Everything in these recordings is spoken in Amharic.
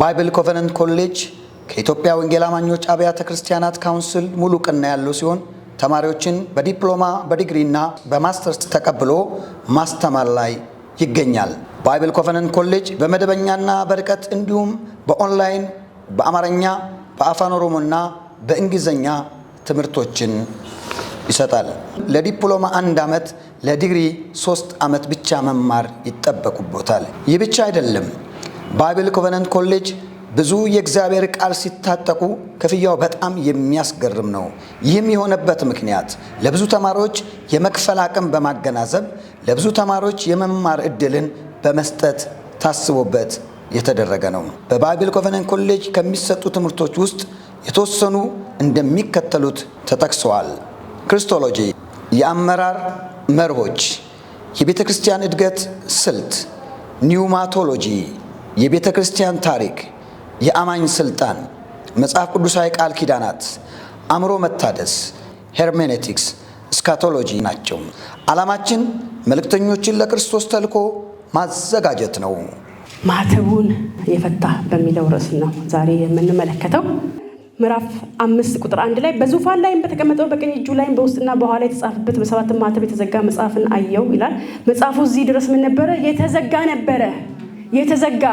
ባይብል ኮቨነንት ኮሌጅ ከኢትዮጵያ ወንጌል አማኞች አብያተ ክርስቲያናት ካውንስል ሙሉ ቅና ያለው ሲሆን ተማሪዎችን በዲፕሎማ በዲግሪና በማስተርስ ተቀብሎ ማስተማር ላይ ይገኛል። ባይብል ኮቨነንት ኮሌጅ በመደበኛና በርቀት እንዲሁም በኦንላይን በአማርኛ፣ በአፋን ኦሮሞና በእንግሊዝኛ ትምህርቶችን ይሰጣል። ለዲፕሎማ አንድ ዓመት ለዲግሪ ሶስት ዓመት ብቻ መማር ይጠበቁቦታል። ይህ ብቻ አይደለም። ባይብል ኮቨነንት ኮሌጅ ብዙ የእግዚአብሔር ቃል ሲታጠቁ ክፍያው በጣም የሚያስገርም ነው። ይህም የሆነበት ምክንያት ለብዙ ተማሪዎች የመክፈል አቅም በማገናዘብ ለብዙ ተማሪዎች የመማር ዕድልን በመስጠት ታስቦበት የተደረገ ነው። በባይብል ኮቨነንት ኮሌጅ ከሚሰጡ ትምህርቶች ውስጥ የተወሰኑ እንደሚከተሉት ተጠቅሰዋል። ክርስቶሎጂ፣ የአመራር መርሆች፣ የቤተ ክርስቲያን እድገት ስልት፣ ኒውማቶሎጂ የቤተ ክርስቲያን ታሪክ፣ የአማኝ ስልጣን፣ መጽሐፍ ቅዱሳዊ ቃል ኪዳናት፣ አእምሮ መታደስ፣ ሄርሜኔቲክስ፣ ስካቶሎጂ ናቸው። ዓላማችን መልእክተኞችን ለክርስቶስ ተልኮ ማዘጋጀት ነው። ማተቡን የፈታ በሚለው ርዕስ ነው ዛሬ የምንመለከተው። ምዕራፍ አምስት ቁጥር አንድ ላይ በዙፋን ላይም በተቀመጠው በቀኝ እጁ ላይም በውስጥና በኋላ የተጻፈበት በሰባት ማተብ የተዘጋ መጽሐፍን አየው ይላል። መጽሐፉ እዚህ ድረስ ምን ነበረ? የተዘጋ ነበረ። የተዘጋ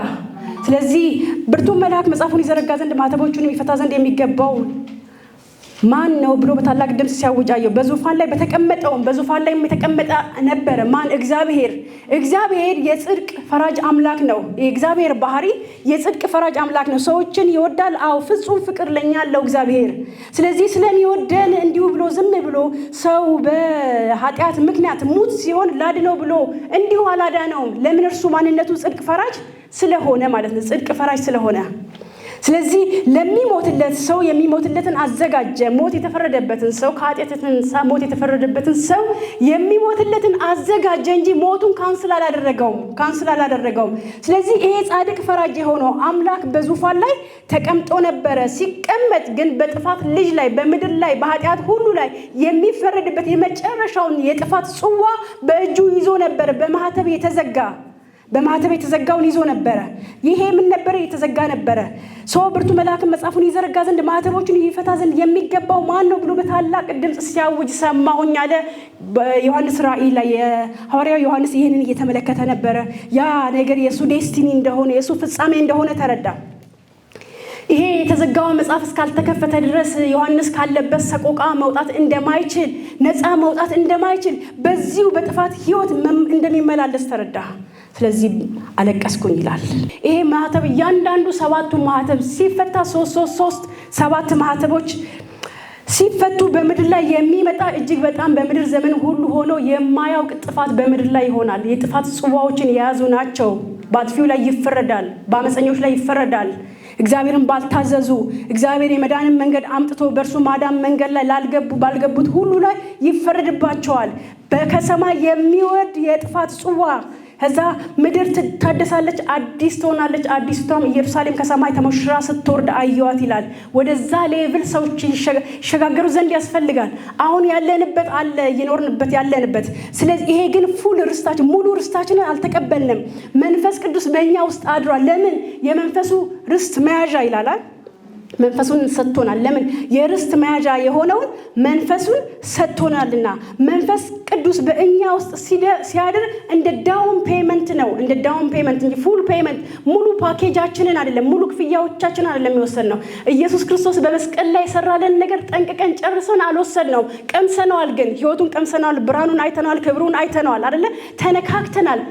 ስለዚህ ብርቱ መልአክ መጽሐፉን ይዘረጋ ዘንድ ማተቦቹን ይፈታ ዘንድ የሚገባው ማን ነው ብሎ በታላቅ ድምፅ ሲያውጃየው በዙፋን ላይ በተቀመጠውም በዙፋን ላይ የተቀመጠ ነበረ። ማን? እግዚአብሔር። እግዚአብሔር የጽድቅ ፈራጅ አምላክ ነው። የእግዚአብሔር ባህሪ የጽድቅ ፈራጅ አምላክ ነው። ሰዎችን ይወዳል። አዎ ፍጹም ፍቅር ለኛ አለው እግዚአብሔር። ስለዚህ ስለሚወደን እንዲሁ ብሎ ዝም ብሎ ሰው በኃጢአት ምክንያት ሙት ሲሆን ላድነው ብሎ እንዲሁ አላዳነውም። ለምን? እርሱ ማንነቱ ጽድቅ ፈራጅ ስለሆነ ማለት ነው። ጽድቅ ፈራጅ ስለሆነ ስለዚህ ለሚሞትለት ሰው የሚሞትለትን አዘጋጀ። ሞት የተፈረደበትን ሰው ከኃጢአትን ሞት የተፈረደበትን ሰው የሚሞትለትን አዘጋጀ እንጂ ሞቱን ካንስል አላደረገውም ካንስል አላደረገውም። ስለዚህ ይሄ ጻድቅ ፈራጅ የሆነው አምላክ በዙፋን ላይ ተቀምጦ ነበረ። ሲቀመጥ ግን በጥፋት ልጅ ላይ በምድር ላይ በኃጢአት ሁሉ ላይ የሚፈረድበት የመጨረሻውን የጥፋት ጽዋ በእጁ ይዞ ነበር በማህተብ የተዘጋ በማተብ የተዘጋውን ይዞ ነበረ። ይሄ ምን ነበረ? የተዘጋ ነበረ። ሰው ብርቱ መልአክን መጽሐፉን ይዘረጋ ዘንድ ማተቦቹን ይፈታ ዘንድ የሚገባው ማን ነው ብሎ በታላቅ ድምፅ ሲያውጅ ሰማሁኝ አለ። ዮሐንስ ራእይ ላይ የሐዋርያው ዮሐንስ ይህንን እየተመለከተ ነበረ። ያ ነገር የእሱ ዴስቲኒ እንደሆነ የእሱ ፍጻሜ እንደሆነ ተረዳ። ይሄ የተዘጋው መጽሐፍ እስካልተከፈተ ድረስ ዮሐንስ ካለበት ሰቆቃ መውጣት እንደማይችል፣ ነፃ መውጣት እንደማይችል፣ በዚሁ በጥፋት ህይወት እንደሚመላለስ ተረዳ። ስለዚህ አለቀስኩኝ ይላል። ይሄ ማህተብ እያንዳንዱ ሰባቱ ማህተብ ሲፈታ ሶስት ሶስት ሶስት ሰባት ማህተቦች ሲፈቱ በምድር ላይ የሚመጣ እጅግ በጣም በምድር ዘመን ሁሉ ሆኖ የማያውቅ ጥፋት በምድር ላይ ይሆናል። የጥፋት ጽዋዎችን የያዙ ናቸው። በአጥፊው ላይ ይፈረዳል፣ በአመፀኞች ላይ ይፈረዳል። እግዚአብሔርን ባልታዘዙ እግዚአብሔር የመዳንን መንገድ አምጥቶ በእርሱ ማዳን መንገድ ላይ ላልገቡ ባልገቡት ሁሉ ላይ ይፈረድባቸዋል። ከሰማይ የሚወርድ የጥፋት ጽዋ ከዛ ምድር ትታደሳለች፣ አዲስ ትሆናለች። አዲስቷም ኢየሩሳሌም ከሰማይ ተሞሽራ ስትወርድ አየዋት ይላል። ወደዛ ሌቭል ሰዎች ይሸጋገሩ ዘንድ ያስፈልጋል። አሁን ያለንበት አለ እየኖርንበት ያለንበት። ስለዚህ ይሄ ግን ፉል ርስታችን ሙሉ ርስታችን አልተቀበልንም። መንፈስ ቅዱስ በእኛ ውስጥ አድሯል። ለምን የመንፈሱ ርስት መያዣ ይላላል መንፈሱን ሰጥቶናል። ለምን የርስት መያዣ የሆነውን መንፈሱን ሰጥቶናልና። መንፈስ ቅዱስ በእኛ ውስጥ ሲያድር እንደ ዳውን ፔመንት ነው፣ እንደ ዳውን ፔመንት እንጂ ፉል ፔመንት ሙሉ ፓኬጃችንን አይደለም፣ ሙሉ ክፍያዎቻችንን አይደለም የወሰድ ነው። ኢየሱስ ክርስቶስ በመስቀል ላይ የሰራለን ነገር ጠንቅቀን ጨርሰን አልወሰድ ነው። ቀምሰነዋል፣ ግን ህይወቱን ቀምሰነዋል፣ ብርሃኑን አይተነዋል፣ ክብሩን አይተነዋል፣ አይደለ ተነካክተናል።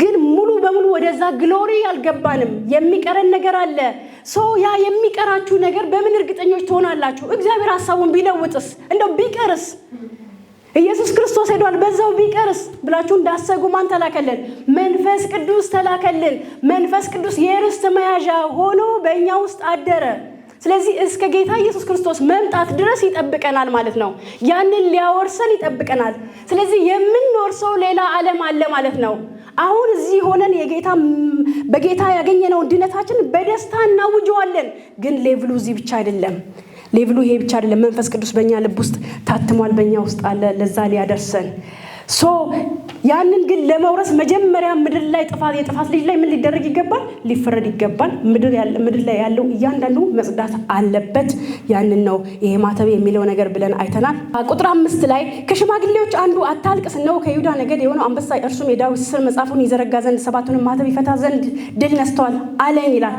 ግን ሙሉ በሙሉ ወደዛ ግሎሪ አልገባንም። የሚቀረን ነገር አለ። ሰው ያ የሚቀራችሁ ነገር በምን እርግጠኞች ትሆናላችሁ? እግዚአብሔር ሀሳቡን ቢለውጥስ እንደው ቢቀርስ ኢየሱስ ክርስቶስ ሄዷል፣ በዛው ቢቀርስ ብላችሁ እንዳሰጉ ማን ተላከልን? መንፈስ ቅዱስ ተላከልን። መንፈስ ቅዱስ የርስት መያዣ ሆኖ በእኛ ውስጥ አደረ። ስለዚህ እስከ ጌታ ኢየሱስ ክርስቶስ መምጣት ድረስ ይጠብቀናል ማለት ነው። ያንን ሊያወርሰን ይጠብቀናል። ስለዚህ የምንወርሰው ሌላ ዓለም አለ ማለት ነው። አሁን እዚህ ሆነን የጌታ በጌታ ያገኘነውን ድነታችን በደስታ እናውጀዋለን። ግን ሌቭሉ እዚህ ብቻ አይደለም። ሌቭሉ ይሄ ብቻ አይደለም። መንፈስ ቅዱስ በእኛ ልብ ውስጥ ታትሟል፣ በእኛ ውስጥ አለ። ለዛ ሊያደርሰን ሶ ያንን ግን ለመውረስ መጀመሪያ ምድር ላይ ጥፋት የጥፋት ልጅ ላይ ምን ሊደረግ ይገባል? ሊፈረድ ይገባል። ምድር ላይ ያለው እያንዳንዱ መጽዳት አለበት። ያንን ነው ይሄ ማተብ የሚለው ነገር ብለን አይተናል። ቁጥር አምስት ላይ ከሽማግሌዎች አንዱ አታልቅስ፣ ስነው ከይሁዳ ነገድ የሆነው አንበሳ እርሱም የዳዊት ስር መጽሐፉን ይዘረጋ ዘንድ ሰባቱንም ማተብ ይፈታ ዘንድ ድል ነስተዋል አለን ይላል።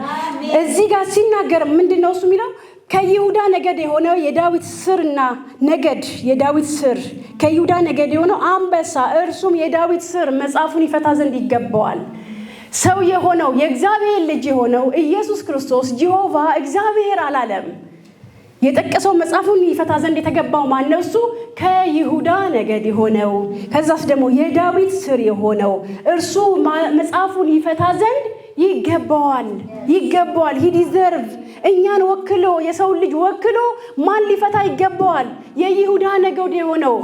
እዚህ ጋር ሲናገር ምንድን ነው እሱ የሚለው ከይሁዳ ነገድ የሆነው የዳዊት ስርና ነገድ የዳዊት ስር ከይሁዳ ነገድ የሆነው አንበሳ እርሱም የዳዊት ስር መጽሐፉን ይፈታ ዘንድ ይገባዋል። ሰው የሆነው የእግዚአብሔር ልጅ የሆነው ኢየሱስ ክርስቶስ ጂሆቫ እግዚአብሔር አላለም። የጠቀሰው መጽሐፉን ይፈታ ዘንድ የተገባው ማነው? እሱ ከይሁዳ ነገድ የሆነው ከዛስ ደግሞ የዳዊት ስር የሆነው እርሱ መጽሐፉን ይፈታ ዘንድ ይገባዋል፣ ይገባዋል። ሂዲዘርቭ እኛን ወክሎ የሰው ልጅ ወክሎ ማን ሊፈታ ይገባዋል? የይሁዳ ነገድ የሆነው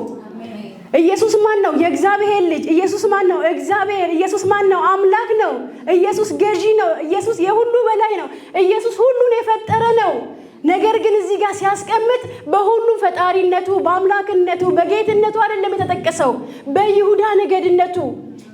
ኢየሱስ ማን ነው? የእግዚአብሔር ልጅ። ኢየሱስ ማን ነው? እግዚአብሔር። ኢየሱስ ማን ነው? አምላክ ነው። ኢየሱስ ገዢ ነው። ኢየሱስ የሁሉ በላይ ነው። ኢየሱስ ሁሉን የፈጠረ ነው። ነገር ግን እዚህ ጋር ሲያስቀምጥ በሁሉም ፈጣሪነቱ፣ በአምላክነቱ፣ በጌትነቱ አይደለም የተጠቀሰው በይሁዳ ነገድነቱ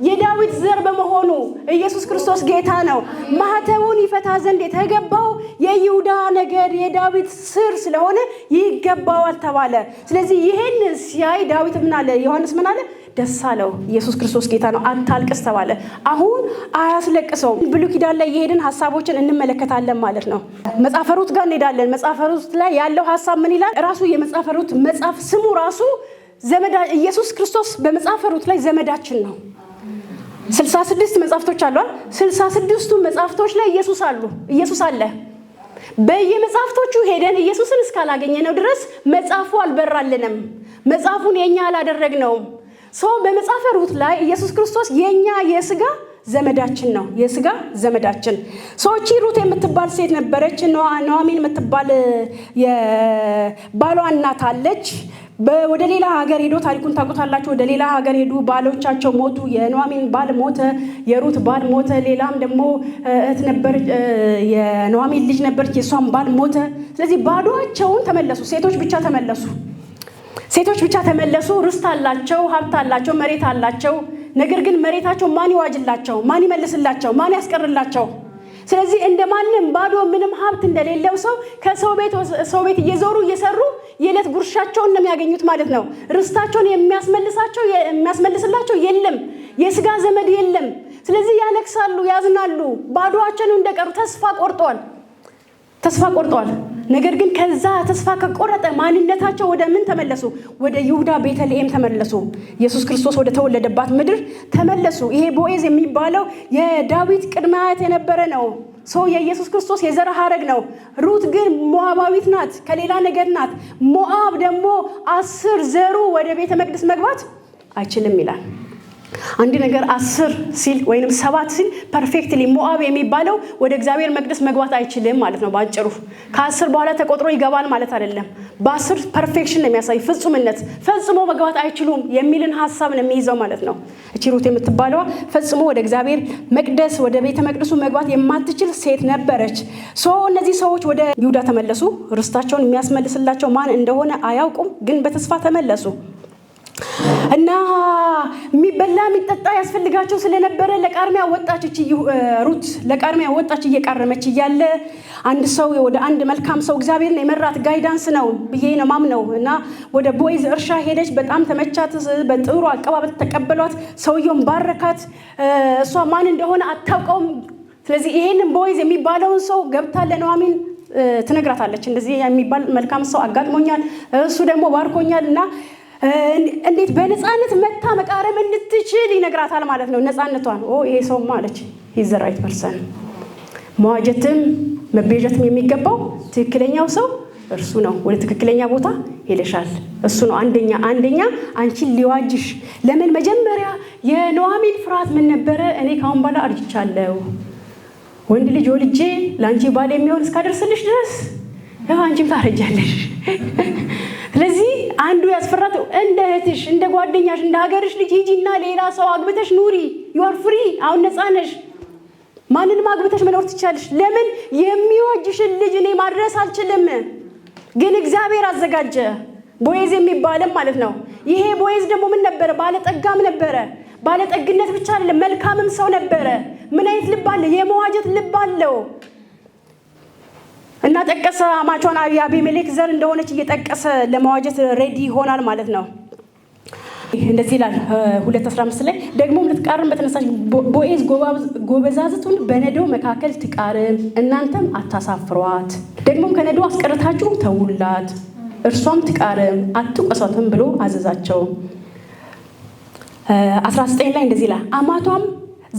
የዳዊት ዘር በመሆኑ ኢየሱስ ክርስቶስ ጌታ ነው። ማኅተሙን ይፈታ ዘንድ የተገባው የይሁዳ ነገድ የዳዊት ስር ስለሆነ ይገባዋል ተባለ። ስለዚህ ይህን ሲያይ ዳዊት ምን አለ? ዮሐንስ ምን አለ? ደስ አለው። ኢየሱስ ክርስቶስ ጌታ ነው፣ አታልቅስ ተባለ። አሁን አያስለቅሰው ብሉይ ኪዳን ላይ የሄድን ሀሳቦችን እንመለከታለን ማለት ነው። መጽሐፈ ሩት ጋር እንሄዳለን። መጽሐፈ ሩት ላይ ያለው ሀሳብ ምን ይላል? ራሱ የመጽሐፈ ሩት መጽሐፍ ስሙ ራሱ ኢየሱስ ክርስቶስ በመጽሐፈ ሩት ላይ ዘመዳችን ነው ስልሳ ስድስት መጽሐፍቶች አሏል። ስልሳ ስድስቱ መጽሐፍቶች ላይ ኢየሱስ አሉ ኢየሱስ አለ። በየመጽሐፍቶቹ ሄደን ኢየሱስን እስካላገኘነው ድረስ መጽሐፉ አልበራልንም። መጽሐፉን የኛ አላደረግነውም። ሰው በመጽሐፈ ሩት ላይ ኢየሱስ ክርስቶስ የኛ የስጋ ዘመዳችን ነው። የስጋ ዘመዳችን ሰዎች ሩት የምትባል ሴት ነበረች። ኑኃሚን የምትባል የባሏ እናት አለች። ወደ ሌላ ሀገር ሄዶ ታሪኩን ታውቁታላችሁ። ወደ ሌላ ሀገር ሄዱ፣ ባሎቻቸው ሞቱ። የኑኃሚን ባል ሞተ፣ የሩት ባል ሞተ። ሌላም ደግሞ እህት ነበር፣ የኑኃሚን ልጅ ነበረች፣ የእሷም ባል ሞተ። ስለዚህ ባዷቸውን ተመለሱ። ሴቶች ብቻ ተመለሱ። ሴቶች ብቻ ተመለሱ። ርስት አላቸው፣ ሀብት አላቸው፣ መሬት አላቸው። ነገር ግን መሬታቸው ማን ይዋጅላቸው? ማን ይመልስላቸው? ማን ያስቀርላቸው? ስለዚህ ማንም ባዶ ምንም ሀብት እንደሌለው ሰው ከሰው ቤት ሰው ቤት እየዞሩ እየሰሩ የዕለት ጉርሻቸውን ነው የሚያገኙት ማለት ነው። ርስታቸውን የሚያስመልሳቸው የሚያስመልስላቸው የለም፣ የስጋ ዘመድ የለም። ስለዚህ ያለቅሳሉ፣ ያዝናሉ። ባዶቸውን እንደቀሩ ተስፋ ቆርጠዋል፣ ተስፋ ቆርጠዋል። ነገር ግን ከዛ ተስፋ ከቆረጠ ማንነታቸው ወደ ምን ተመለሱ? ወደ ይሁዳ ቤተልሔም ተመለሱ። ኢየሱስ ክርስቶስ ወደ ተወለደባት ምድር ተመለሱ። ይሄ ቦኤዝ የሚባለው የዳዊት ቅድመ አያት የነበረ ነው። ሰው የኢየሱስ ክርስቶስ የዘር ሐረግ ነው። ሩት ግን ሞዓባዊት ናት፣ ከሌላ ነገድ ናት። ሞዓብ ደግሞ አስር ዘሩ ወደ ቤተ መቅደስ መግባት አይችልም ይላል። አንድ ነገር አስር ሲል ወይም ሰባት ሲል ፐርፌክትሊ ሞአብ የሚባለው ወደ እግዚአብሔር መቅደስ መግባት አይችልም ማለት ነው። በአጭሩ ከአስር በኋላ ተቆጥሮ ይገባል ማለት አይደለም። በአስር ፐርፌክሽን ነው የሚያሳይ ፍጹምነት፣ ፈጽሞ መግባት አይችሉም የሚልን ሀሳብ ነው የሚይዘው ማለት ነው። እቺ ሩት የምትባለዋ ፈጽሞ ወደ እግዚአብሔር መቅደስ ወደ ቤተ መቅደሱ መግባት የማትችል ሴት ነበረች። ሶ እነዚህ ሰዎች ወደ ይሁዳ ተመለሱ። ርስታቸውን የሚያስመልስላቸው ማን እንደሆነ አያውቁም፣ ግን በተስፋ ተመለሱ። እና የሚበላ የሚጠጣ ያስፈልጋቸው ስለነበረ ለቃርሚያ ወጣች ሩት ለቃርሚያ ወጣች። እየቃረመች እያለ አንድ ሰው ወደ አንድ መልካም ሰው እግዚአብሔርን የመራት ጋይዳንስ ነው ብዬ ነው ማምነው። እና ወደ ቦይዝ እርሻ ሄደች። በጣም ተመቻት። በጥሩ አቀባበል ተቀበሏት። ሰውየውን ባረካት። እሷ ማን እንደሆነ አታውቀውም። ስለዚህ ይሄንን ቦይዝ የሚባለውን ሰው ገብታ ለኑሃሚን ትነግራታለች። እንደዚህ የሚባል መልካም ሰው አጋጥሞኛል፣ እሱ ደግሞ ባርኮኛል እና እንዴት በነፃነት መታ መቃረም እንድትችል ይነግራታል ማለት ነው። ነፃነቷን ኦ ይሄ ሰው ማለች ይዘራይት ዘ ራይት ፐርሰን። መዋጀትም መቤዠትም የሚገባው ትክክለኛው ሰው እርሱ ነው። ወደ ትክክለኛ ቦታ ሄደሻል። እሱ ነው አንደኛ አንደኛ አንቺን ሊዋጅሽ። ለምን መጀመሪያ የኑኃሚን ፍርሃት ምን ነበረ? እኔ ካሁን በኋላ አርጅቻለሁ። ወንድ ልጅ ወልጄ ለአንቺ ባል የሚሆን እስካደርስልሽ ድረስ አንቺም ታረጃለሽ። ስለዚህ አንዱ ያስፈራት እንደ እህትሽ፣ እንደ ጓደኛሽ፣ እንደ ሀገርሽ ልጅ ሂጂና ሌላ ሰው አግብተሽ ኑሪ። ዩአር ፍሪ። አሁን ነፃ ነሽ። ማንንም አግብተሽ መኖር ትቻለሽ። ለምን የሚወጅሽን ልጅ እኔ ማድረስ አልችልም፣ ግን እግዚአብሔር አዘጋጀ። ቦይዝ የሚባልም ማለት ነው። ይሄ ቦይዝ ደግሞ ምን ነበረ? ባለጠጋም ነበረ። ባለጠግነት ብቻ አይደለም፣ መልካምም ሰው ነበረ። ምን አይነት ልብ አለ የመዋጀት ልብ አለው። እና ጠቀሰ አማቿን የአቤሜሌክ ዘር እንደሆነች እየጠቀሰ ለመዋጀት ሬዲ ይሆናል ማለት ነው። እንደዚህ ይላል ሁለት አስራ አምስት ላይ ደግሞ ልትቃርም በተነሳች ቦኤዝ ጎበዛዝቱን በነዶ መካከል ትቃርም፣ እናንተም አታሳፍሯት። ደግሞም ከነዶ አስቀርታችሁ ተውላት፣ እርሷም ትቃርም፣ አትቆሷትም ብሎ አዘዛቸው። አስራ ዘጠኝ ላይ እንደዚህ ይላል አማቷም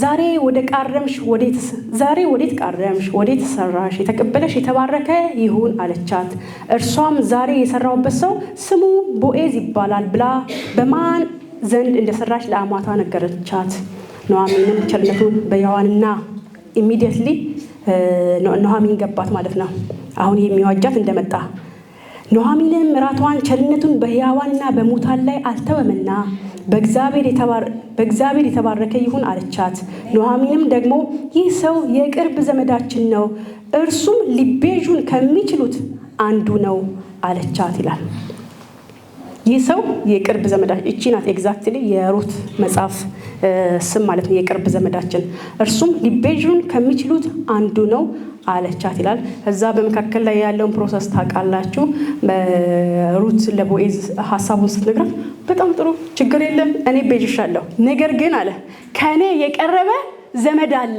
ዛሬ ወደ ቃረምሽ ወዴትስ ዛሬ ወዴት ቃረምሽ ወዴት ሰራሽ? የተቀበለሽ የተባረከ ይሁን አለቻት። እርሷም ዛሬ የሰራውበት ሰው ስሙ ቦኤዝ ይባላል ብላ በማን ዘንድ እንደሰራች ለአማቷ ነገረቻት። ኑኃሚንም ቸርነቱን በያዋንና ኢሚዲየትሊ ኑኃሚን ገባት ማለት ነው። አሁን የሚዋጃት እንደመጣ ኑኃሚንም ምራቷን ቸርነቱን በሕያዋንና በሙታን ላይ አልተወምና በእግዚአብሔር የተባረከ ይሁን አለቻት። ኑኃሚንም ደግሞ ይህ ሰው የቅርብ ዘመዳችን ነው፣ እርሱም ሊቤዡን ከሚችሉት አንዱ ነው አለቻት ይላል። ይህ ሰው የቅርብ ዘመዳችን እቺ ናት። ኤግዛክትሊ የሩት መጽሐፍ ስም ማለት ነው። የቅርብ ዘመዳችን እርሱም ሊቤዥን ከሚችሉት አንዱ ነው አለቻት ይላል። እዛ በመካከል ላይ ያለውን ፕሮሰስ ታውቃላችሁ። ሩት ለቦኤዝ ሀሳቡን ስትነግራት በጣም ጥሩ ችግር የለም እኔ ቤዥሻለሁ፣ ነገር ግን አለ ከእኔ የቀረበ ዘመድ አለ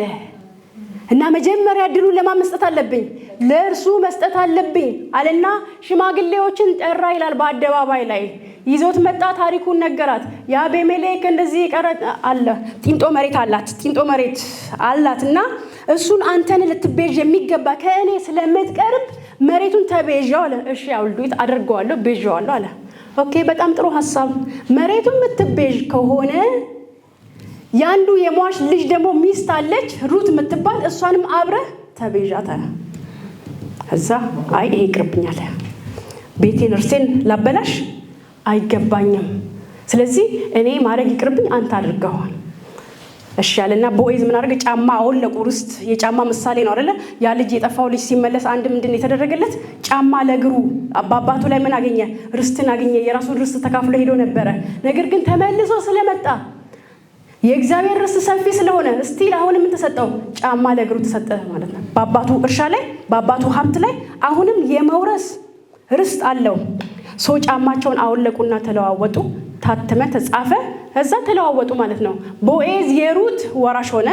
እና መጀመሪያ እድሉን ለማን መስጠት አለብኝ? ለእርሱ መስጠት አለብኝ አለና ሽማግሌዎችን ጠራ ይላል በአደባባይ ላይ ይዞት መጣ። ታሪኩን ነገራት። የአቤሜሌክ እንደዚህ ቀረ አለ ጢንጦ መሬት አላት ጢንጦ መሬት አላት እና እሱን አንተን ልትቤዥ የሚገባ ከእኔ ስለምትቀርብ መሬቱን ተቤዣው አለ። እሺ አውልዱት አድርገዋለሁ ቤዣዋለሁ አለ። ኦኬ በጣም ጥሩ ሀሳብ። መሬቱን የምትቤዥ ከሆነ ያንዱ የሟች ልጅ ደግሞ ሚስት አለች ሩት የምትባል እሷንም አብረህ ተቤዣት አለ። እዛ አይ ይሄ ይቅርብኛል ቤቴን እርሴን ላበላሽ አይገባኝም። ስለዚህ እኔ ማድረግ ይቅርብኝ፣ አንተ አድርገዋል። እሺ ያለና ቦይዝ ምን አድርገ ጫማ አወለቁ። ርስት የጫማ ምሳሌ ነው አይደለ? ያ ልጅ የጠፋው ልጅ ሲመለስ አንድ ምንድን የተደረገለት ጫማ ለእግሩ በአባቱ ላይ ምን አገኘ? ርስትን አገኘ። የራሱን ርስት ተካፍሎ ሄዶ ነበረ። ነገር ግን ተመልሶ ስለመጣ የእግዚአብሔር ርስት ሰፊ ስለሆነ እስቲል አሁንም ምን ጫማ ለእግሩ ተሰጠ ማለት ነው። በአባቱ እርሻ ላይ በአባቱ ሀብት ላይ አሁንም የመውረስ ርስት አለው። ሰው ጫማቸውን አወለቁና ተለዋወጡ። ታተመ፣ ተጻፈ፣ እዛ ተለዋወጡ ማለት ነው። ቦኤዝ የሩት ወራሽ ሆነ፣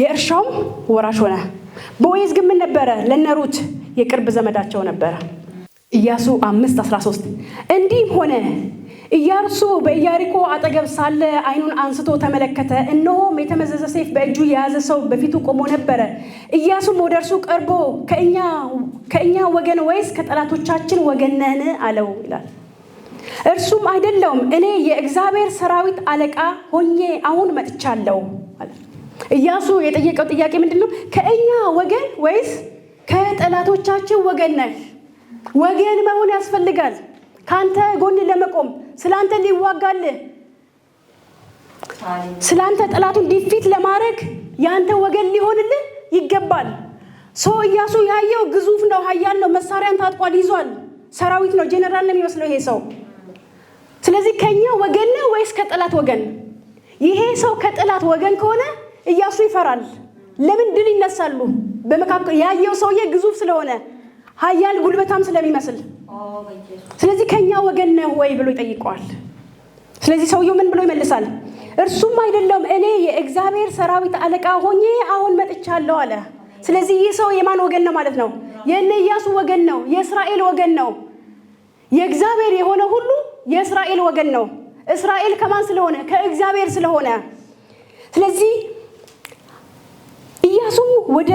የእርሻውም ወራሽ ሆነ። ቦኤዝ ግን ምን ነበረ? ለነሩት የቅርብ ዘመዳቸው ነበረ። ኢያሱ 513 አስራ እንዲህም ሆነ ኢያሱ በኢያሪኮ አጠገብ ሳለ አይኑን አንስቶ ተመለከተ፣ እነሆም የተመዘዘ ሰይፍ በእጁ የያዘ ሰው በፊቱ ቆሞ ነበረ። ኢያሱም ወደ እርሱ ቀርቦ ከእኛ ወገን ወይስ ከጠላቶቻችን ወገን ነህን? አለው ይላል። እርሱም አይደለውም፣ እኔ የእግዚአብሔር ሰራዊት አለቃ ሆኜ አሁን መጥቻለሁ። ኢያሱ የጠየቀው ጥያቄ ምንድን ነው? ከእኛ ወገን ወይስ ከጠላቶቻችን ወገን ነህ? ወገን መሆን ያስፈልጋል። ከአንተ ጎን ለመቆም ስለአንተ ሊዋጋልህ ስለአንተ ጠላቱን ዲፊት ለማድረግ የአንተ ወገን ሊሆንልህ ይገባል። ሰው እያሱ ያየው ግዙፍ ነው፣ ሀያል ነው፣ መሳሪያን ታጥቋል፣ ይዟል፣ ሰራዊት ነው፣ ጄኔራል ነው የሚመስለው ይሄ ሰው። ስለዚህ ከኛ ወገን ነው ወይስ ከጠላት ወገን? ይሄ ሰው ከጠላት ወገን ከሆነ እያሱ ይፈራል። ለምን ድል ይነሳሉ? በመካከል ያየው ሰውዬ ግዙፍ ስለሆነ ሀያል ጉልበታም ስለሚመስል ስለዚህ ከኛ ወገን ነህ ወይ ብሎ ይጠይቀዋል። ስለዚህ ሰውየው ምን ብሎ ይመልሳል? እርሱም አይደለም እኔ የእግዚአብሔር ሰራዊት አለቃ ሆኜ አሁን መጥቻለሁ አለ። ስለዚህ ይህ ሰው የማን ወገን ነው ማለት ነው? የእነ ኢያሱ ወገን ነው። የእስራኤል ወገን ነው። የእግዚአብሔር የሆነ ሁሉ የእስራኤል ወገን ነው። እስራኤል ከማን ስለሆነ? ከእግዚአብሔር ስለሆነ ስለዚህ ኢያሱ ወደ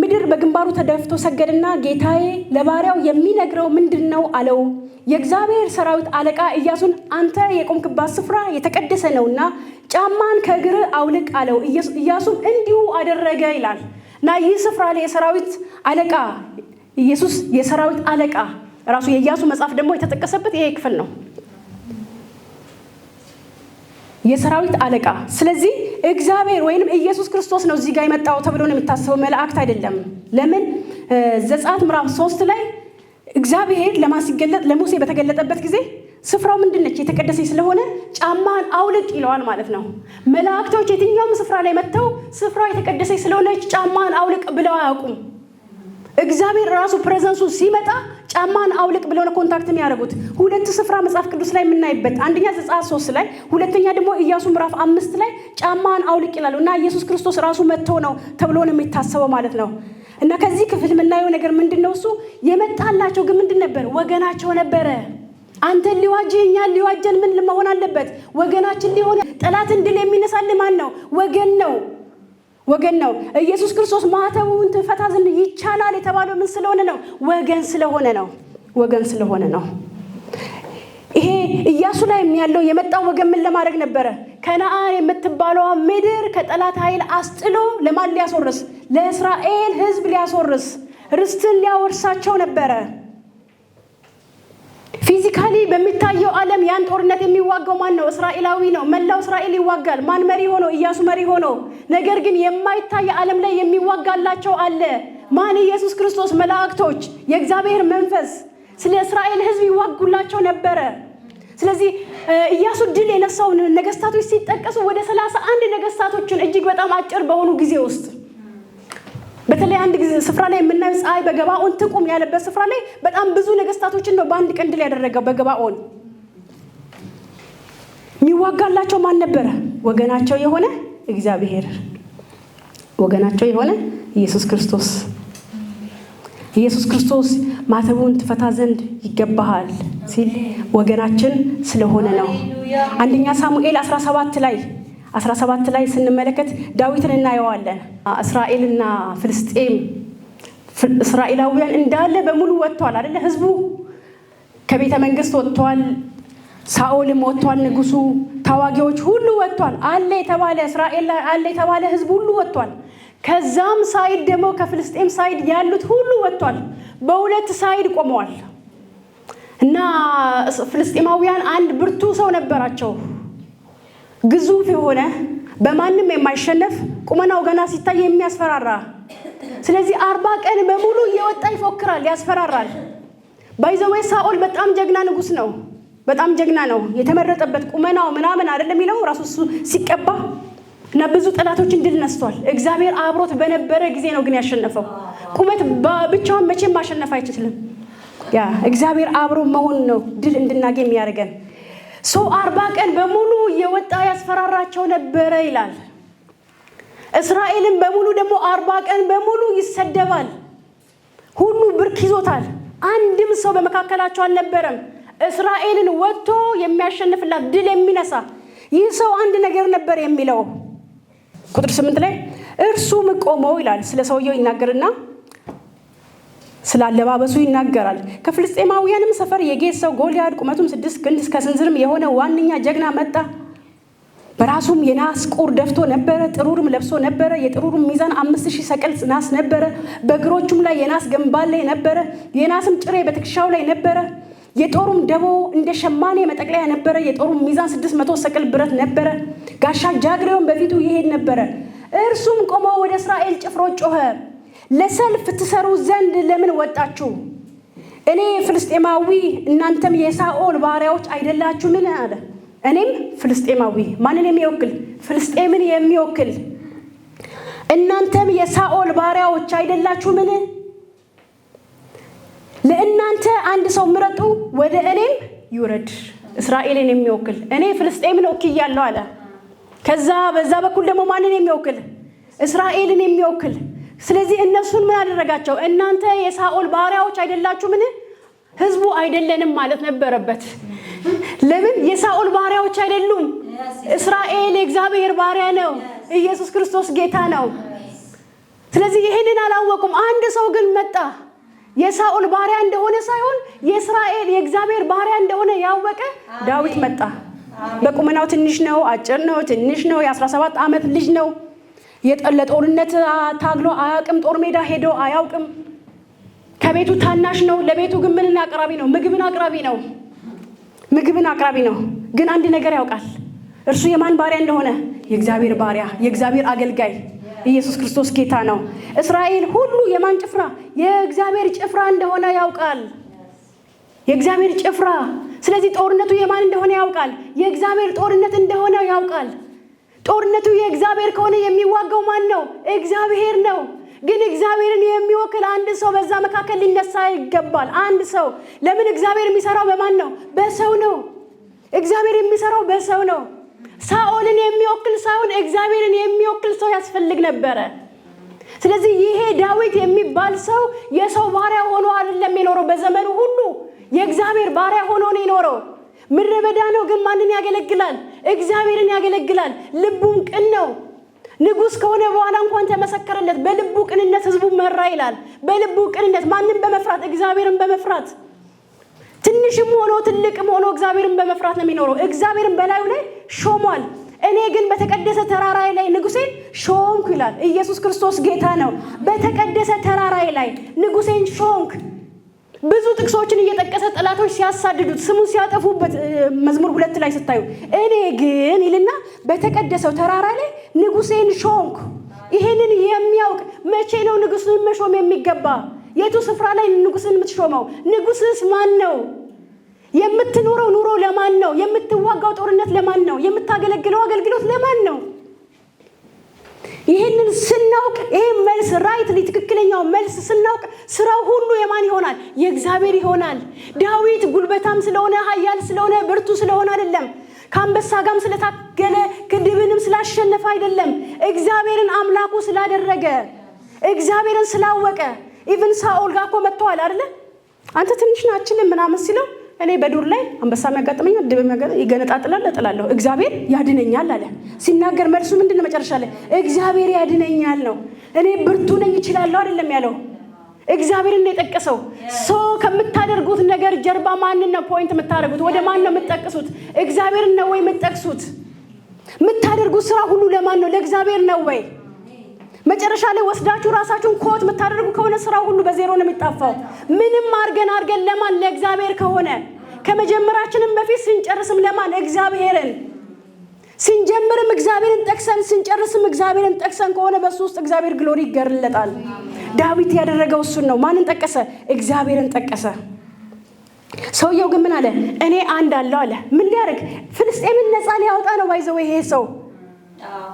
ምድር በግንባሩ ተደፍቶ ሰገድና ጌታዬ ለባሪያው የሚነግረው ምንድን ነው አለው። የእግዚአብሔር ሰራዊት አለቃ ኢያሱን አንተ የቆምክባት ስፍራ የተቀደሰ ነውና ጫማን ከእግር አውልቅ አለው። ኢያሱም እንዲሁ አደረገ ይላል እና ይህ ስፍራ ላይ የሰራዊት አለቃ ኢየሱስ የሰራዊት አለቃ ራሱ የኢያሱ መጽሐፍ ደግሞ የተጠቀሰበት ይሄ ክፍል ነው። የሰራዊት አለቃ። ስለዚህ እግዚአብሔር ወይም ኢየሱስ ክርስቶስ ነው እዚህ ጋር የመጣው ተብሎ ነው የሚታሰበው፣ መላእክት አይደለም። ለምን ዘጸአት ምዕራፍ ሶስት ላይ እግዚአብሔር ለማስገለጥ ለሙሴ በተገለጠበት ጊዜ ስፍራው ምንድን ነች? የተቀደሰች ስለሆነ ጫማን አውልቅ ይለዋል ማለት ነው። መላእክቶች የትኛውም ስፍራ ላይ መጥተው ስፍራው የተቀደሰች ስለሆነች ጫማን አውልቅ ብለው አያውቁም። እግዚአብሔር ራሱ ፕሬዘንሱ ሲመጣ ጫማን አውልቅ ብለው ነው ኮንታክት የሚያደርጉት። ሁለት ስፍራ መጽሐፍ ቅዱስ ላይ የምናይበት አንደኛ ዘጸአት ሶስት ላይ ሁለተኛ ደግሞ ኢያሱ ምዕራፍ አምስት ላይ ጫማን አውልቅ ይላሉ እና ኢየሱስ ክርስቶስ ራሱ መጥቶ ነው ተብሎ ነው የሚታሰበው ማለት ነው። እና ከዚህ ክፍል የምናየው ነገር ምንድን ነው? እሱ የመጣላቸው ግን ምንድን ነበር? ወገናቸው ነበረ። አንተን ሊዋጅ እኛን ሊዋጀን ምን መሆን አለበት? ወገናችን ሊሆን ጠላትን ድል የሚነሳል ማን ነው? ወገን ነው። ወገን ነው። ኢየሱስ ክርስቶስ ማኅተሙን ትፈታ ዘንድ ይቻላል የተባለው ምን ስለሆነ ነው? ወገን ስለሆነ ነው። ወገን ስለሆነ ነው። ይሄ እያሱ ላይ ያለው የመጣው ወገን ምን ለማድረግ ነበረ? ከነአን የምትባለዋ ምድር ከጠላት ኃይል አስጥሎ ለማን ሊያስወርስ? ለእስራኤል ሕዝብ ሊያስወርስ ርስትን ሊያወርሳቸው ነበረ። ፊዚካሊ በሚታየው ዓለም ያን ጦርነት የሚዋጋው ማን ነው? እስራኤላዊ ነው። መላው እስራኤል ይዋጋል። ማን መሪ ሆኖ? እያሱ መሪ ሆኖ። ነገር ግን የማይታይ ዓለም ላይ የሚዋጋላቸው አለ። ማን? ኢየሱስ ክርስቶስ፣ መላእክቶች፣ የእግዚአብሔር መንፈስ ስለ እስራኤል ሕዝብ ይዋጉላቸው ነበረ። ስለዚህ እያሱ ድል የነሳውን ነገስታቶች ሲጠቀሱ ወደ ሰላሳ አንድ ነገስታቶችን እጅግ በጣም አጭር በሆኑ ጊዜ ውስጥ በተለይ አንድ ስፍራ ላይ የምናየው ፀሐይ በገባኦን ትቁም ያለበት ስፍራ ላይ በጣም ብዙ ነገስታቶችን ነው በአንድ ቀን ድል ያደረገው። በገባኦን የሚዋጋላቸው ማን ነበረ? ወገናቸው የሆነ እግዚአብሔር፣ ወገናቸው የሆነ ኢየሱስ ክርስቶስ። ኢየሱስ ክርስቶስ ማተቡን ትፈታ ዘንድ ይገባሃል ሲል ወገናችን ስለሆነ ነው። አንደኛ ሳሙኤል 17 ላይ 17 ላይ ስንመለከት ዳዊትን እናየዋለን። እስራኤልና ፍልስጤም እስራኤላውያን እንዳለ በሙሉ ወጥተዋል አይደለ? ህዝቡ ከቤተ መንግስት ወጥተዋል። ሳኦልም ወጥቷል። ንጉሱ፣ ታዋጊዎች ሁሉ ወጥቷል። አለ የተባለ እስራኤል አለ የተባለ ህዝብ ሁሉ ወጥቷል። ከዛም ሳይድ ደግሞ ከፍልስጤም ሳይድ ያሉት ሁሉ ወጥቷል። በሁለት ሳይድ ቆመዋል እና ፍልስጤማውያን አንድ ብርቱ ሰው ነበራቸው ግዙፍ የሆነ በማንም የማይሸነፍ ቁመናው ገና ሲታይ የሚያስፈራራ ስለዚህ አርባ ቀን በሙሉ እየወጣ ይፎክራል፣ ያስፈራራል። ባይዘወይ ሳኦል በጣም ጀግና ንጉስ ነው። በጣም ጀግና ነው የተመረጠበት ቁመናው ምናምን አይደለም የሚለው ራሱ እሱ ሲቀባ እና ብዙ ጠላቶችን ድል ነስቷል። እግዚአብሔር አብሮት በነበረ ጊዜ ነው ግን ያሸነፈው። ቁመት ብቻውን መቼም ማሸነፍ አይችልም። ያ እግዚአብሔር አብሮ መሆን ነው ድል እንድናገኝ የሚያደርገን። ሰው አርባ ቀን በሙሉ እየወጣ ያስፈራራቸው ነበረ ይላል። እስራኤልን በሙሉ ደግሞ አርባ ቀን በሙሉ ይሰደባል። ሁሉ ብርክ ይዞታል። አንድም ሰው በመካከላቸው አልነበረም። እስራኤልን ወጥቶ የሚያሸንፍላት ድል የሚነሳ ይህ ሰው አንድ ነገር ነበር የሚለው ቁጥር ስምንት ላይ እርሱም ቆመው ይላል ስለ ሰውየው ይናገርና ስለ አለባበሱ ይናገራል። ከፍልስጤማውያንም ሰፈር የጌት ሰው ጎልያድ ቁመቱም ስድስት ክንድ እስከ ስንዝርም የሆነ ዋነኛ ጀግና መጣ። በራሱም የናስ ቁር ደፍቶ ነበረ፣ ጥሩርም ለብሶ ነበረ። የጥሩርም ሚዛን አምስት ሺህ ሰቅል ናስ ነበረ። በእግሮቹም ላይ የናስ ገንባል ላይ ነበረ፣ የናስም ጭሬ በትከሻው ላይ ነበረ። የጦሩም ደቦ እንደ ሸማኔ መጠቅለያ ነበረ። የጦሩም ሚዛን ስድስት መቶ ሰቅል ብረት ነበረ። ጋሻ ጃግሬውን በፊቱ ይሄድ ነበረ። እርሱም ቆሞ ወደ እስራኤል ጭፍሮች ጮኸ። ለሰልፍ ትሰሩ ዘንድ ለምን ወጣችሁ? እኔ ፍልስጤማዊ እናንተም የሳኦል ባሪያዎች ምን አለ። እኔም ፍልስጤማዊ ማንን የሚወክል ፍልስጤምን የሚወክል እናንተም የሳኦል ባሪያዎች ምን ለእናንተ አንድ ሰው ምረጡ፣ ወደ እኔም ይውረድ። እስራኤልን የሚወክል እኔ ፍልስጤምን ወክያለሁ አለ። ከዛ በዛ በኩል ደግሞ ማንን የሚወክል? እስራኤልን የሚወክል ስለዚህ እነሱን ምን አደረጋቸው? እናንተ የሳኦል ባሪያዎች አይደላችሁ ምን ህዝቡ አይደለንም ማለት ነበረበት። ለምን የሳኦል ባሪያዎች አይደሉም? እስራኤል የእግዚአብሔር ባሪያ ነው። ኢየሱስ ክርስቶስ ጌታ ነው። ስለዚህ ይህንን አላወቁም። አንድ ሰው ግን መጣ የሳኦል ባሪያ እንደሆነ ሳይሆን የእስራኤል የእግዚአብሔር ባሪያ እንደሆነ ያወቀ ዳዊት መጣ። በቁመናው ትንሽ ነው፣ አጭር ነው፣ ትንሽ ነው፣ የ17 ዓመት ልጅ ነው። ለጦርነት ታግሎ አያውቅም። ጦር ሜዳ ሄዶ አያውቅም። ከቤቱ ታናሽ ነው። ለቤቱ ግን ምንን አቅራቢ ነው? ምግብን አቅራቢ ነው። ምግብን አቅራቢ ነው። ግን አንድ ነገር ያውቃል። እርሱ የማን ባሪያ እንደሆነ? የእግዚአብሔር ባሪያ፣ የእግዚአብሔር አገልጋይ። ኢየሱስ ክርስቶስ ጌታ ነው። እስራኤል ሁሉ የማን ጭፍራ? የእግዚአብሔር ጭፍራ እንደሆነ ያውቃል። የእግዚአብሔር ጭፍራ። ስለዚህ ጦርነቱ የማን እንደሆነ ያውቃል። የእግዚአብሔር ጦርነት እንደሆነ ያውቃል። ጦርነቱ የእግዚአብሔር ከሆነ የሚዋጋው ማን ነው? እግዚአብሔር ነው። ግን እግዚአብሔርን የሚወክል አንድ ሰው በዛ መካከል ሊነሳ ይገባል። አንድ ሰው ለምን እግዚአብሔር የሚሰራው በማን ነው? በሰው ነው። እግዚአብሔር የሚሰራው በሰው ነው። ሳኦልን የሚወክል ሳይሆን እግዚአብሔርን የሚወክል ሰው ያስፈልግ ነበረ። ስለዚህ ይሄ ዳዊት የሚባል ሰው የሰው ባሪያ ሆኖ አይደለም የኖረው። በዘመኑ ሁሉ የእግዚአብሔር ባሪያ ሆኖ ነው የኖረው። ምድረ በዳ ነው፣ ግን ማንን ያገለግላል? እግዚአብሔርን ያገለግላል። ልቡም ቅን ነው። ንጉሥ ከሆነ በኋላ እንኳን ተመሰከረለት። በልቡ ቅንነት ህዝቡ መራ ይላል። በልቡ ቅንነት ማንን በመፍራት እግዚአብሔርን በመፍራት ትንሽም ሆኖ ትልቅም ሆኖ እግዚአብሔርን በመፍራት ነው የሚኖረው። እግዚአብሔርን በላዩ ላይ ሾሟል። እኔ ግን በተቀደሰ ተራራዬ ላይ ንጉሴን ሾምኩ ይላል። ኢየሱስ ክርስቶስ ጌታ ነው። በተቀደሰ ተራራዬ ላይ ንጉሴን ሾምክ ብዙ ጥቅሶችን እየጠቀሰ ጠላቶች ሲያሳድዱት ስሙን ሲያጠፉበት መዝሙር ሁለት ላይ ስታዩ እኔ ግን ይልና በተቀደሰው ተራራ ላይ ንጉሴን ሾንኩ። ይህንን የሚያውቅ መቼ ነው ንጉስን መሾም የሚገባ? የቱ ስፍራ ላይ ንጉስን የምትሾመው? ንጉስስ ማን ነው? የምትኖረው ኑሮ ለማን ነው? የምትዋጋው ጦርነት ለማን ነው? የምታገለግለው አገልግሎት ለማን ነው? ይህንን ስናውቅ ይህ መልስ ራይት ትክክለኛው መልስ ስናውቅ ስራው ሁሉ የማን ይሆናል? የእግዚአብሔር ይሆናል። ዳዊት ጉልበታም ስለሆነ ኃያል ስለሆነ ብርቱ ስለሆነ አይደለም። ከአንበሳ ጋም ስለታገለ ክድብንም ስላሸነፈ አይደለም። እግዚአብሔርን አምላኩ ስላደረገ እግዚአብሔርን ስላወቀ ኢቭን ሳኦል ጋር እኮ መጥተዋል አይደለ አንተ ትንሽ ናችንም ምናምን ሲለው እኔ በዱር ላይ አንበሳ የሚያጋጥመኛል፣ ድብ የሚያጋጥመኝ ይገነጣጥላል፣ እጥላለሁ። እግዚአብሔር ያድነኛል አለ። ሲናገር መልሱ ምንድን ነው? መጨረሻ ላይ እግዚአብሔር ያድነኛል ነው። እኔ ብርቱ ነኝ ይችላለሁ አይደለም ያለው እግዚአብሔር እንደጠቀሰው የጠቀሰው። ሰው ከምታደርጉት ነገር ጀርባ ማንን ነው ፖይንት የምታደርጉት? ወደ ማን ነው የምትጠቅሱት? እግዚአብሔር ነው ወይ የምትጠቅሱት? የምታደርጉት ስራ ሁሉ ለማን ነው? ለእግዚአብሔር ነው ወይ? መጨረሻ ላይ ወስዳችሁ ራሳችሁን ኮት የምታደርጉ ከሆነ ስራ ሁሉ በዜሮ ነው የሚጣፋው። ምንም አርገን አርገን ለማን ለእግዚአብሔር ከሆነ ከመጀመራችንም በፊት ስንጨርስም ለማን እግዚአብሔርን ስንጀምርም እግዚአብሔርን ጠቅሰን ስንጨርስም እግዚአብሔርን ጠቅሰን ከሆነ በሱ ውስጥ እግዚአብሔር ግሎሪ ይገርለጣል። ዳዊት ያደረገው እሱን ነው። ማንን ጠቀሰ? እግዚአብሔርን ጠቀሰ። ሰውየው ግን ምን አለ? እኔ አንድ አለው አለ። ምን ሊያደርግ? ፍልስጤምን ነፃ ሊያወጣ ነው ባይዘው ይሄ ሰው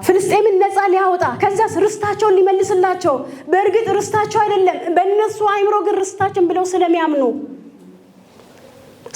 ፍልስጤምን ነፃ ሊያወጣ ከዚያ ርስታቸውን ሊመልስላቸው። በእርግጥ ርስታቸው አይደለም፣ በእነሱ አይምሮ ግን ርስታችን ብለው ስለሚያምኑ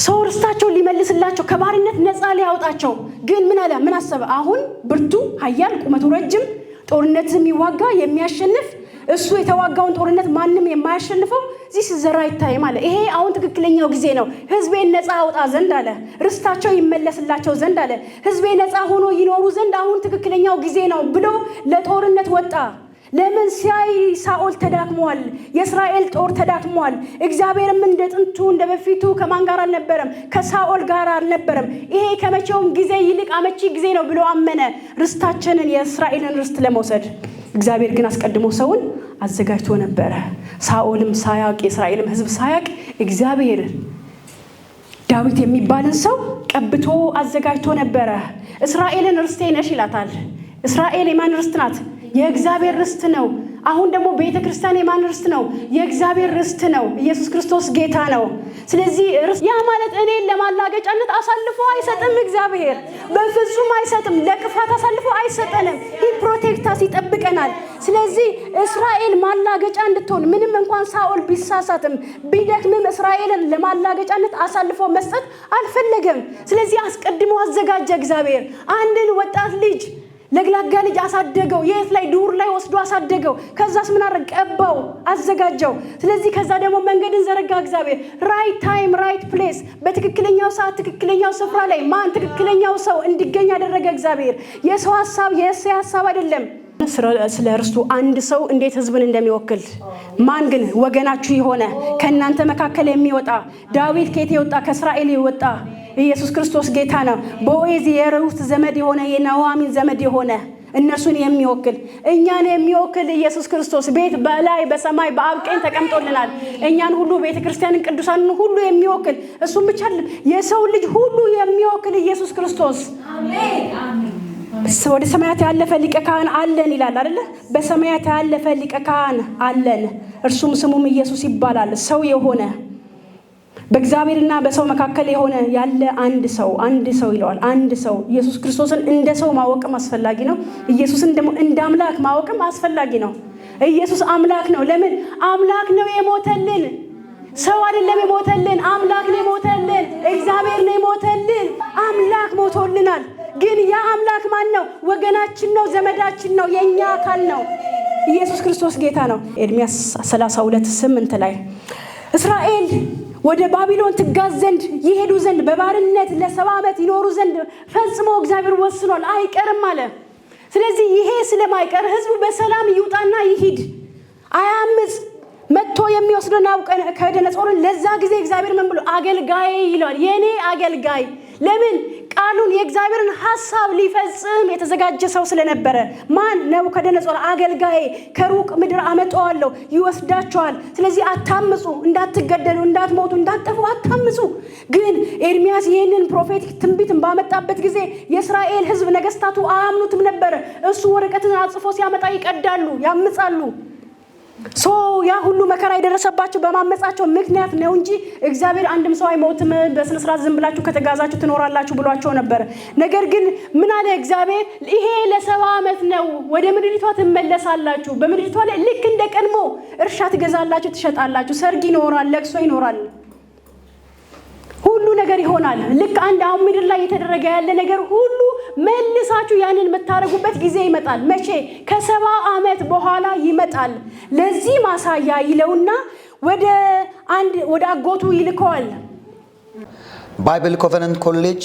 ሰው ርስታቸውን ሊመልስላቸው ከባሪነት ነፃ ሊያወጣቸው ግን ምን አለ? ምን አሰበ? አሁን ብርቱ ኃያል ቁመቱ ረጅም ጦርነት የሚዋጋ የሚያሸንፍ እሱ የተዋጋውን ጦርነት ማንም የማያሸንፈው ዚስ ዘ ራይት ታይም አለ። ይሄ አሁን ትክክለኛው ጊዜ ነው፣ ህዝቤን ነፃ አውጣ ዘንድ አለ፣ ርስታቸው ይመለስላቸው ዘንድ አለ፣ ህዝቤ ነፃ ሆኖ ይኖሩ ዘንድ አሁን ትክክለኛው ጊዜ ነው ብሎ ለጦርነት ወጣ። ለምን ሲያይ ሳኦል ተዳክሟል፣ የእስራኤል ጦር ተዳክሟል። እግዚአብሔርም እንደ ጥንቱ እንደ በፊቱ ከማን ጋር አልነበረም? ከሳኦል ጋር አልነበረም። ይሄ ከመቼውም ጊዜ ይልቅ አመቺ ጊዜ ነው ብሎ አመነ፣ ርስታችንን የእስራኤልን ርስት ለመውሰድ። እግዚአብሔር ግን አስቀድሞ ሰውን አዘጋጅቶ ነበረ። ሳኦልም ሳያቅ የእስራኤልም ሕዝብ ሳያቅ እግዚአብሔር ዳዊት የሚባልን ሰው ቀብቶ አዘጋጅቶ ነበረ። እስራኤልን ርስቴ ነሽ ይላታል። እስራኤል የማን ርስት ናት? የእግዚአብሔር ርስት ነው። አሁን ደግሞ ቤተ ክርስቲያን የማን ርስት ነው? የእግዚአብሔር ርስት ነው። ኢየሱስ ክርስቶስ ጌታ ነው። ስለዚህ ርስት ያ ማለት እኔን ለማላገጫነት አሳልፎ አይሰጥም። እግዚአብሔር በፍጹም አይሰጥም። ለቅፋት አሳልፎ አይሰጠንም። ሂ ፕሮቴክታስ ይጠብቀናል። ስለዚህ እስራኤል ማላገጫ እንድትሆን ምንም እንኳን ሳኦል ቢሳሳትም ቢደክምም እስራኤልን ለማላገጫነት አሳልፎ መስጠት አልፈለገም። ስለዚህ አስቀድሞ አዘጋጀ እግዚአብሔር አንድን ወጣት ልጅ ለግላጋ ልጅ አሳደገው። የት ላይ ዱር ላይ ወስዶ አሳደገው። ከዛስ ምን አረግ ቀባው፣ አዘጋጀው። ስለዚህ ከዛ ደግሞ መንገድን ዘረጋ እግዚአብሔር። ራይት ታይም ራይት ፕሌስ፣ በትክክለኛው ሰዓት ትክክለኛው ስፍራ ላይ ማን ትክክለኛው ሰው እንዲገኝ ያደረገ እግዚአብሔር። የሰው ሀሳብ የእሴ ሀሳብ አይደለም። ስለ እርሱ አንድ ሰው እንዴት ህዝብን እንደሚወክል ማን ግን ወገናችሁ የሆነ ከእናንተ መካከል የሚወጣ ዳዊት ከየት የወጣ ከእስራኤል የወጣ ኢየሱስ ክርስቶስ ጌታ ነው። በወይዝ የሩት ዘመድ የሆነ የነዋሚን ዘመድ የሆነ እነሱን የሚወክል እኛን የሚወክል ኢየሱስ ክርስቶስ ቤት በላይ በሰማይ በአብ ቀኝ ተቀምጦልናል። እኛን ሁሉ ቤተ ክርስቲያንን ቅዱሳንን ሁሉ የሚወክል እሱም ብቻ የሰው ልጅ ሁሉ የሚወክል ኢየሱስ ክርስቶስ ወደ ሰማያት ያለፈ ሊቀ ካህን አለን ይላል አይደለ? በሰማያት ያለፈ ሊቀ ካህን አለን፣ እርሱም ስሙም ኢየሱስ ይባላል። ሰው የሆነ በእግዚአብሔርና በሰው መካከል የሆነ ያለ አንድ ሰው አንድ ሰው ይለዋል። አንድ ሰው ኢየሱስ ክርስቶስን እንደ ሰው ማወቅም አስፈላጊ ነው። ኢየሱስን ደግሞ እንደ አምላክ ማወቅም አስፈላጊ ነው። ኢየሱስ አምላክ ነው። ለምን አምላክ ነው የሞተልን ሰው አይደለም የሞተልን፣ አምላክ ነው የሞተልን። እግዚአብሔር ነው የሞተልን። አምላክ ሞቶልናል። ግን ያ አምላክ ማን ነው? ወገናችን ነው፣ ዘመዳችን ነው፣ የእኛ አካል ነው። ኢየሱስ ክርስቶስ ጌታ ነው። ኤርሚያስ 32 8 ላይ እስራኤል ወደ ባቢሎን ትጋዝ ዘንድ ይሄዱ ዘንድ በባርነት ለሰባ ዓመት ይኖሩ ዘንድ ፈጽሞ እግዚአብሔር ወስኗል፣ አይቀርም አለ። ስለዚህ ይሄ ስለማይቀር ህዝቡ በሰላም ይውጣና ይሂድ፣ አያምፅ መጥቶ የሚወስደውን ከደነጾርን ለዛ ጊዜ እግዚአብሔር ምን ብሎ አገልጋይ ይለዋል። የእኔ አገልጋይ ለምን ቃሉን የእግዚአብሔርን ሀሳብ ሊፈጽም የተዘጋጀ ሰው ስለነበረ ማን ናቡከደነጾር አገልጋዬ ከሩቅ ምድር አመጣዋለሁ ይወስዳቸዋል። ስለዚህ አታምፁ፣ እንዳትገደሉ፣ እንዳትሞቱ፣ እንዳትጠፉ አታምፁ። ግን ኤርሚያስ ይህንን ፕሮፌቲክ ትንቢትን ባመጣበት ጊዜ የእስራኤል ህዝብ ነገስታቱ አያምኑትም ነበረ። እሱ ወረቀትን አጽፎ ሲያመጣ ይቀዳሉ፣ ያምፃሉ ሶ ያ ሁሉ መከራ የደረሰባቸው በማመጻቸው ምክንያት ነው እንጂ እግዚአብሔር አንድም ሰው አይሞትም፣ በስነ ስርዓት ዝም ብላችሁ ከተጋዛችሁ ትኖራላችሁ ብሏቸው ነበር። ነገር ግን ምን አለ እግዚአብሔር? ይሄ ለሰባ ዓመት ነው፣ ወደ ምድሪቷ ትመለሳላችሁ። በምድሪቷ ላይ ልክ እንደ ቀድሞ እርሻ ትገዛላችሁ፣ ትሸጣላችሁ፣ ሰርግ ይኖራል፣ ለቅሶ ይኖራል፣ ሁሉ ነገር ይሆናል። ልክ አንድ አሁን ምድር ላይ እየተደረገ ያለ ነገር ሁሉ መልሳችሁ ያንን የምታደርጉበት ጊዜ ይመጣል። መቼ? ከሰባ ዓመት በኋላ ይመጣል። ለዚህ ማሳያ ይለውና ወደ አንድ ወደ አጎቱ ይልከዋል። ባይብል ኮቨነንት ኮሌጅ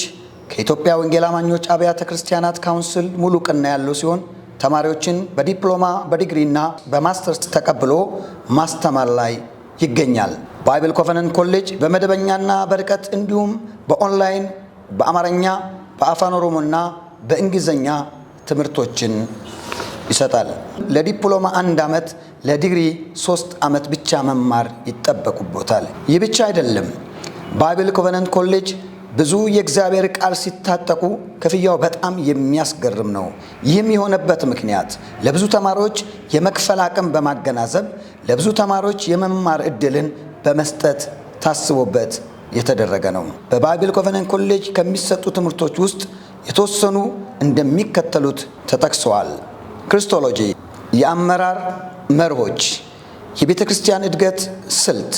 ከኢትዮጵያ ወንጌል አማኞች አብያተ ክርስቲያናት ካውንስል ሙሉ ቅና ያለው ሲሆን ተማሪዎችን በዲፕሎማ በዲግሪና በማስተርስ ተቀብሎ ማስተማር ላይ ይገኛል። ባይብል ኮቨነንት ኮሌጅ በመደበኛና በርቀት እንዲሁም በኦንላይን በአማርኛ፣ በአፋን ኦሮሞና በእንግሊዝኛ ትምህርቶችን ይሰጣል። ለዲፕሎማ አንድ ዓመት ለዲግሪ ሶስት ዓመት ብቻ መማር ይጠበቁቦታል። ይህ ብቻ አይደለም። ባይብል ኮቨነንት ኮሌጅ ብዙ የእግዚአብሔር ቃል ሲታጠቁ ክፍያው በጣም የሚያስገርም ነው። ይህም የሆነበት ምክንያት ለብዙ ተማሪዎች የመክፈል አቅም በማገናዘብ ለብዙ ተማሪዎች የመማር እድልን በመስጠት ታስቦበት የተደረገ ነው። በባይብል ኮቨነንት ኮሌጅ ከሚሰጡ ትምህርቶች ውስጥ የተወሰኑ እንደሚከተሉት ተጠቅሰዋል። ክርስቶሎጂ፣ የአመራር መርሆች፣ የቤተ ክርስቲያን እድገት ስልት፣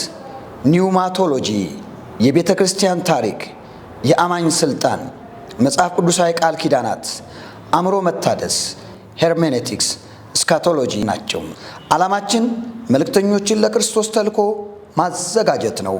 ኒውማቶሎጂ፣ የቤተ ክርስቲያን ታሪክ፣ የአማኝ ስልጣን፣ መጽሐፍ ቅዱሳዊ ቃል ኪዳናት፣ አእምሮ መታደስ፣ ሄርሜኔቲክስ፣ ስካቶሎጂ ናቸው። ዓላማችን መልእክተኞችን ለክርስቶስ ተልኮ ማዘጋጀት ነው።